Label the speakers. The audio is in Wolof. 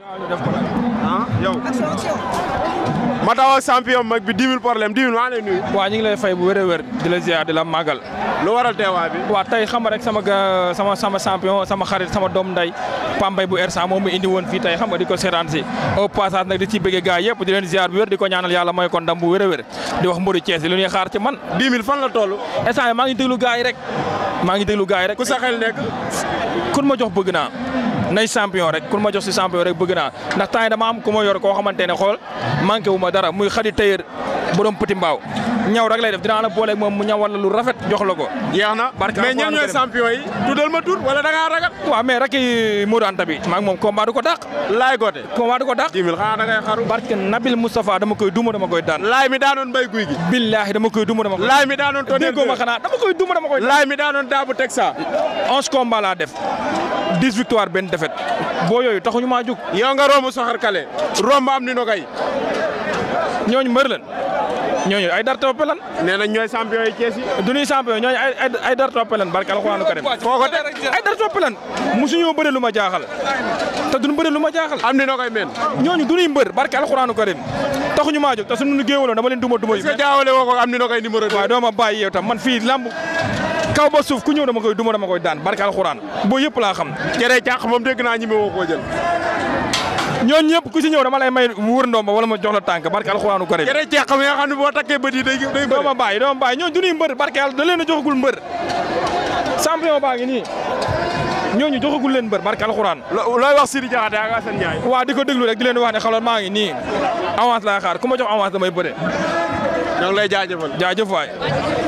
Speaker 1: ah yow. ma taxaw champion mag bi 10 000 problème 10 000 maa lay nuyu. waaw ñu ngi lay fay bu wér a wér di la ziar di la màggal. lu waral teewaay bi. waaw tey xam nga rek sama sama sama champion sama xarit sama doom nday Pambay bu Ersan moom mu indi woon fii tey xam nga di ko seetaan si au passage nag di ci bëggee gars yëpp di leen ziar bu wér di ko ñaanal yàlla mooy ko ndam bu wér a di wax mbiru Thiès li ñuy xaar ci man. 10 000 fan la toll. instant maa ngi déglu gaay rek. maa ngi déglu gars rek. ku sa xel nekk. ma jox bëgg naa. nay champion rek ku ma jox si champion rek bëgg naa ndax temps dama am ku ma yor koo xamante ne xool manqué wu ma dara muy xadi tëyër borom petit mbaaw ñaw rek lay def dinaa la booleeg moom mu ñawal la lu rafet jox la ko. yeex na mais ñen ñooy champion yi. tuddal ma tur wala da ngaa ragal. waaw mais rek yi Modou Anta bi. maa ngi moom combat ko dàq. laay goote. combat ko dàq. 10 000 xanaa da ngay xaru. barke Nabil Moustapha dama koy duma dama koy daan. laay mi daanoon mbay guy gi. billaahi dama koy duma dama koy. laay mi daanoon tonnerre déggoo ma xanaa dama def. 10 victoire benn défaite. boo yooyu taxuñu maa jug. yow nga romb soxar kale. romb am ni nogay ñooñu mbër ñooñu ay dar toppe lan nee na ñooy champion yi Thiès yi du ñooñu ay ay dar toppe lan alxuraanu karim foo ko teg ay dar toppe lan musuñoo bëri lu ma jaaxal te duñ bëri lu ma jaaxal am ni noo koy meen ñooñu du ñuy mbër barke alxuraanu karim taxuñu maa jóg te suñu géewaloo dama leen duma duma yu jaawale woo ko am ni noo koy numéro tam man fii lamb kaw ba suuf ku ñëw dama koy duma dama koy daan barke alxuraan boo yëpp laa xam jëree càq moom dégg naa ñi ma woo koo ñooñu ñëpp ku ci ñëw dama lay may wër ndomba wala ma jox la tànk barke alxuraanu kariim kere ceeq mi nga xam ne boo takkee bët yi day day doo ma bàyyi doo ma bàyyi ñooñu du ñuy mbër barke yàlla da leen a joxagul mbër champion baa ngi nii ñooñu alxuraan looy wax Sidi Diakhaté ak Assane Ndiaye waaw di ko déglu rek di leen wax ne xaloon maa ngi nii avance laa xaar ku ma jox avance damay bëre ñoo ngi lay jaajëfal jaajëf waay